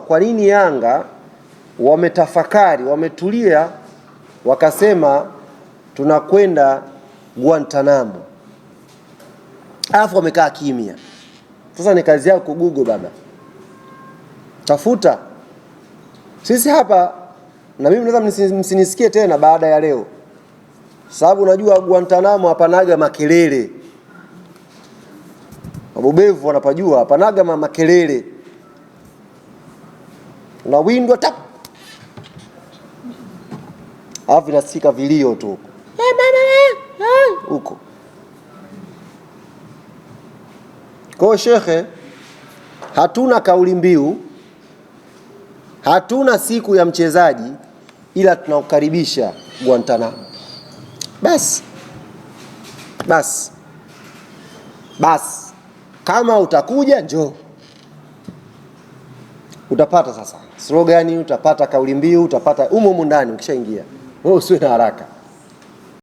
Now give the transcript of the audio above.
Kwa nini Yanga wametafakari, wametulia, wakasema tunakwenda Guantanamo, alafu wamekaa kimya? Sasa ni kazi yako Google baba, tafuta. Sisi hapa na mimi naweza msinisikie tena baada ya leo, sababu unajua Guantanamo hapanaga makelele, wabobevu wanapajua, hapanaga makelele unawindwa tap, alafu inasikika vilio tu huko eh, eh, eh. Kwa Shekhe, hatuna kauli mbiu, hatuna siku ya mchezaji, ila tunakukaribisha Guantanamo. Basi basi basi, kama utakuja njoo utapata sasa slogan, utapata kauli mbiu, utapata umo humo ndani ukishaingia. Wewe usiwe na haraka.